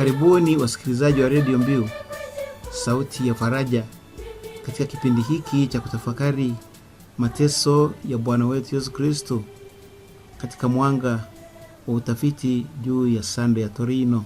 Karibuni wasikilizaji wa redio Mbiu, sauti ya faraja, katika kipindi hiki cha kutafakari mateso ya Bwana wetu Yesu Kristo katika mwanga wa utafiti juu ya sande ya Torino,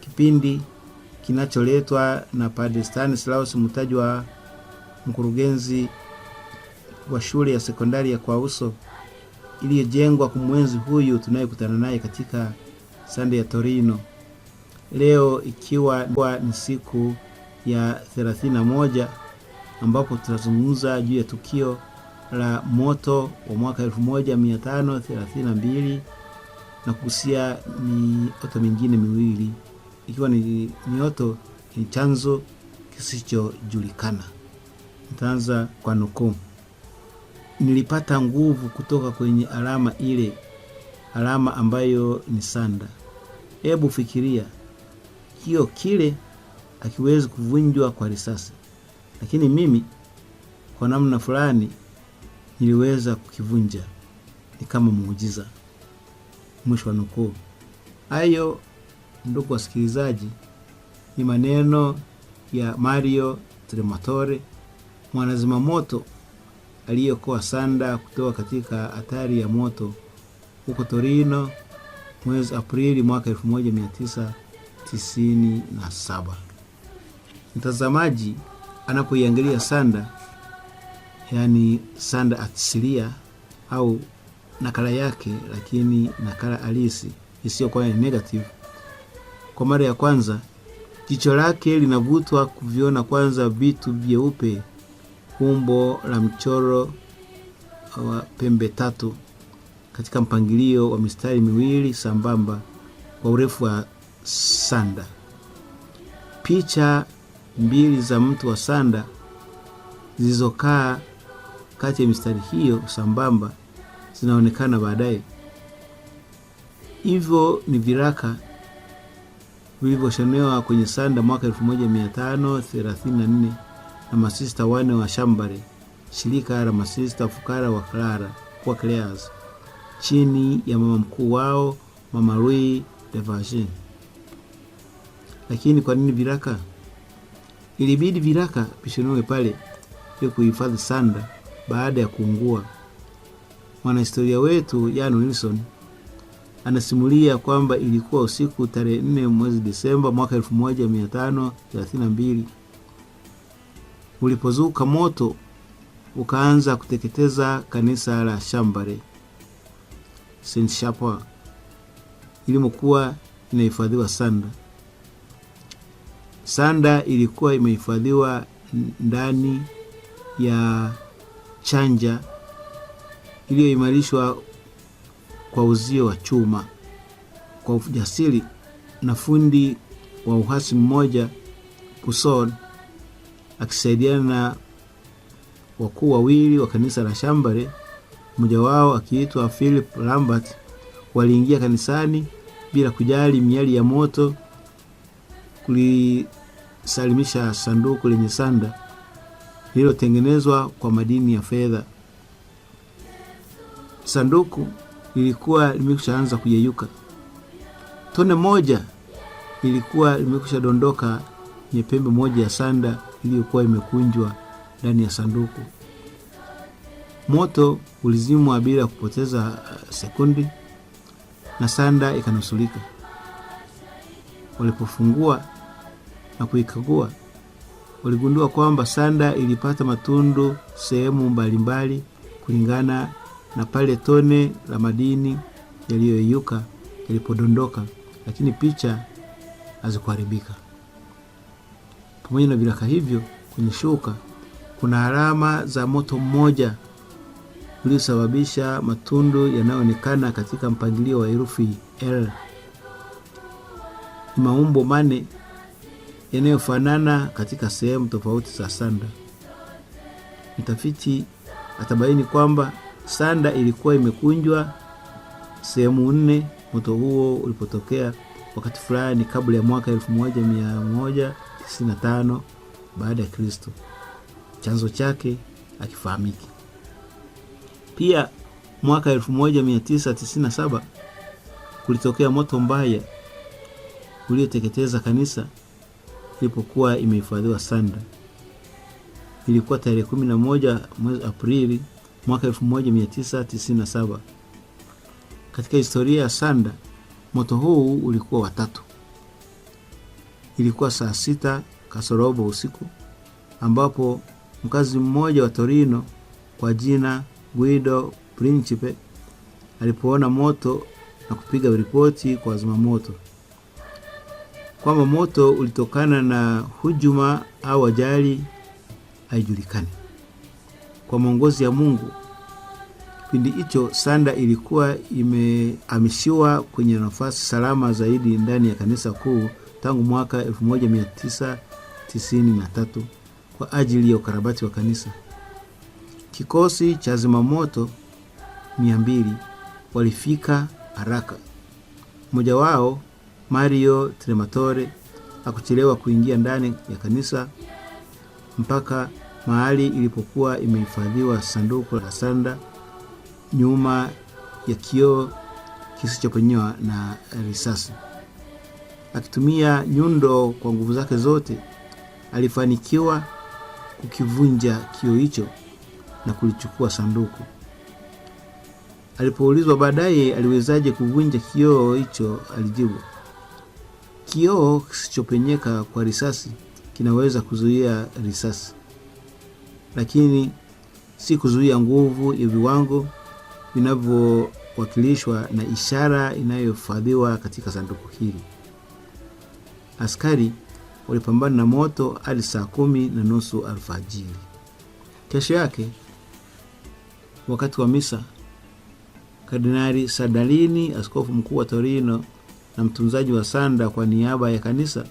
kipindi kinacholetwa na Padre Stanislaus wa mkurugenzi wa shule ya sekondari ya Kwauso iliyojengwa kumwenzi huyu tunayekutana naye katika sande ya Torino leo ikiwa ni siku ya 31 ambapo tutazungumza juu ya tukio la moto wa mwaka 1532 na kugusia mioto mingine miwili ikiwa ni mioto ni chanzo kisichojulikana. Nitaanza kwa nukuu: nilipata nguvu kutoka kwenye alama ile, alama ambayo ni sanda. Hebu fikiria kio kile akiwezi kuvunjwa kwa risasi, lakini mimi kwa namna fulani niliweza kukivunja, ni kama muujiza. Mwisho wa nukuu. Hayo ndugu wasikilizaji, ni maneno ya Mario Trematore, mwanazimamoto aliyokoa sanda kutoka katika hatari ya moto huko Torino mwezi Aprili mwaka tisa tisini na saba. Mtazamaji anapoiangalia sanda, yaani sanda asilia au nakala yake, lakini nakala halisi isiyokuwa ni negative, kwa mara ya kwanza jicho lake linavutwa kuviona kwanza vitu vyeupe, umbo la mchoro wa pembe tatu katika mpangilio wa mistari miwili sambamba kwa urefu wa sanda. Picha mbili za mtu wa sanda zilizokaa kati ya mistari hiyo sambamba zinaonekana baadaye. Hivyo ni viraka vilivyoshonewa kwenye sanda mwaka 1534 na masista wane wa Shambare, shirika la masista fukara wa Clara kwa Clares, chini ya mama mkuu wao Mama Louis de lakini kwa nini viraka? Ilibidi viraka vishonewe pale ili kuhifadhi sanda baada ya kuungua. Mwanahistoria wetu Jan Wilson anasimulia kwamba ilikuwa usiku tarehe nne mwezi Desemba mwaka elfu moja mia tano thelathini na mbili ulipozuka moto ukaanza kuteketeza kanisa la Shambare Saint Chapel ilimokuwa inahifadhiwa sanda. Sanda ilikuwa imehifadhiwa ndani ya chanja iliyoimarishwa kwa uzio wa chuma. Kwa ujasiri na fundi wa uhasi mmoja, Pusol akisaidiana na wakuu wawili wa kanisa la shambare mmoja wao akiitwa Philip Lambert, waliingia kanisani bila kujali miali ya moto kulisalimisha sanduku lenye sanda lililotengenezwa kwa madini ya fedha. Sanduku lilikuwa limekushaanza kuyeyuka, tone moja ilikuwa limekusha dondoka nye pembe moja ya sanda iliyokuwa imekunjwa ndani ya sanduku. Moto ulizimwa bila kupoteza uh, sekundi na sanda ikanusulika. Walipofungua na kuikagua, waligundua kwamba sanda ilipata matundu sehemu mbalimbali kulingana na pale tone la madini yaliyoyeyuka yalipodondoka, lakini picha hazikuharibika. Pamoja na viraka hivyo, kwenye shuka kuna alama za moto mmoja uliosababisha matundu yanayoonekana katika mpangilio wa herufi L. Maumbo mane yanayofanana katika sehemu tofauti za sanda. Mtafiti atabaini kwamba sanda ilikuwa imekunjwa sehemu nne moto huo ulipotokea wakati fulani kabla ya mwaka 1195 baada ya Kristo. Chanzo chake akifahamiki Pia mwaka 1997 kulitokea moto mbaya ulioteketeza kanisa ilipokuwa imehifadhiwa Sanda. Ilikuwa tarehe kumi na moja mwezi Aprili mwaka saba Katika historia ya Sanda, moto huu ulikuwa watatu. Ilikuwa saa sita kasorobo usiku ambapo mkazi mmoja wa Torino kwa jina Guido Principe alipoona moto na kupiga ripoti kwa wazimamoto kwamba moto ulitokana na hujuma au ajali haijulikani. Kwa maongozi ya Mungu, kipindi hicho sanda ilikuwa imehamishiwa kwenye nafasi salama zaidi ndani ya kanisa kuu tangu mwaka 1993 kwa ajili ya ukarabati wa kanisa. Kikosi cha zimamoto mia mbili walifika haraka. Mmoja wao Mario Trematore hakuchelewa kuingia ndani ya kanisa mpaka mahali ilipokuwa imehifadhiwa sanduku la sanda nyuma ya kioo kisichopenyewa na risasi. Akitumia nyundo kwa nguvu zake zote, alifanikiwa kukivunja kioo hicho na kulichukua sanduku. Alipoulizwa baadaye aliwezaje kuvunja kioo hicho, alijibu Kioo kisichopenyeka kwa risasi kinaweza kuzuia risasi, lakini si kuzuia nguvu ya viwango vinavyowakilishwa na ishara inayohifadhiwa katika sanduku hili. Askari walipambana na moto hadi saa kumi na nusu alfajiri. Kesho yake wakati wa misa, kardinari Sadalini, askofu mkuu wa Torino, na mtunzaji wa sanda kwa niaba ya kanisa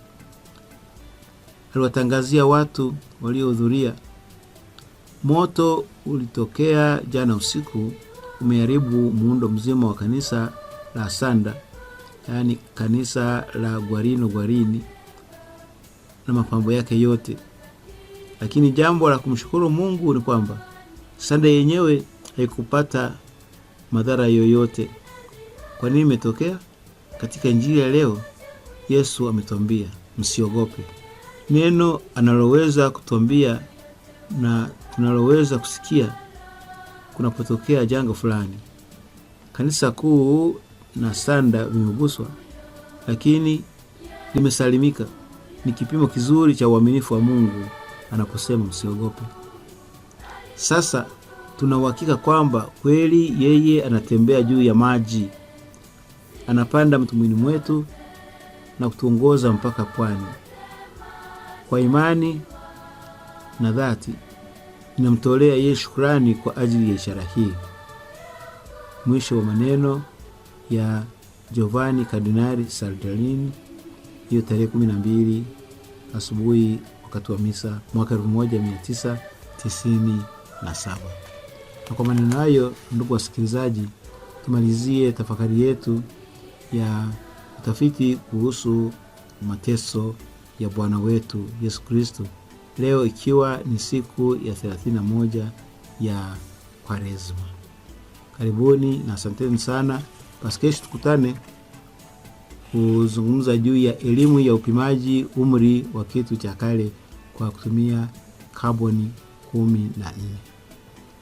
aliwatangazia watu waliohudhuria, moto ulitokea jana usiku, umeharibu muundo mzima wa kanisa la sanda, yaani kanisa la Gwarino Gwarini na mapambo yake yote. Lakini jambo la kumshukuru Mungu ni kwamba sanda yenyewe haikupata madhara yoyote. Kwa nini imetokea? Katika injili ya leo Yesu ametuambia msiogope, neno analoweza kutuambia na tunaloweza kusikia kunapotokea janga fulani. Kanisa kuu na sanda vimeguswa, lakini limesalimika. Ni kipimo kizuri cha uaminifu wa Mungu anaposema msiogope. Sasa tuna uhakika kwamba kweli yeye anatembea juu ya maji anapanda mtumaini mwetu na kutuongoza mpaka pwani. Kwa imani na dhati ninamtolea yeye shukrani kwa ajili ya ishara hii. Mwisho wa maneno ya Giovanni Kardinali sardalin hiyo tarehe 12 asubuhi wakati wa misa mwaka 1997. Na kwa maneno hayo, ndugu wasikilizaji, tumalizie tafakari yetu ya utafiti kuhusu mateso ya Bwana wetu Yesu Kristo, leo ikiwa ni siku ya 31 ya Kwaresma. Karibuni na asanteni sana. Basi kesho tukutane kuzungumza juu ya elimu ya upimaji umri wa kitu cha kale kwa kutumia kaboni 14. na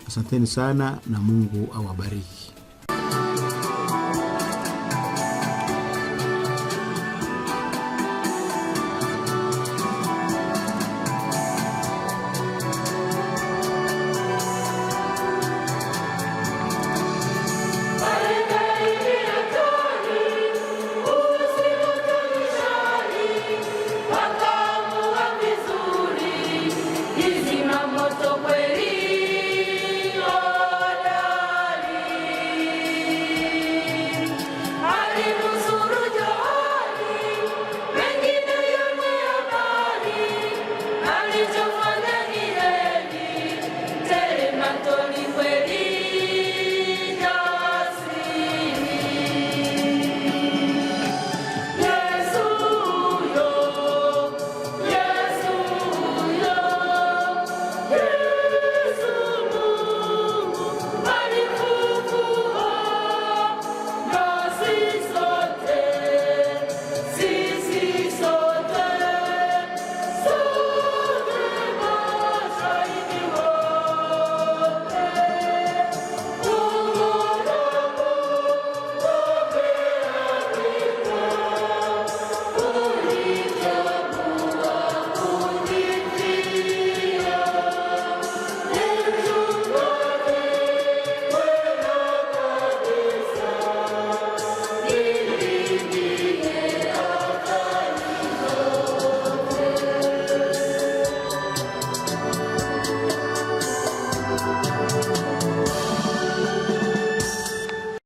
Asanteni sana na Mungu awabariki.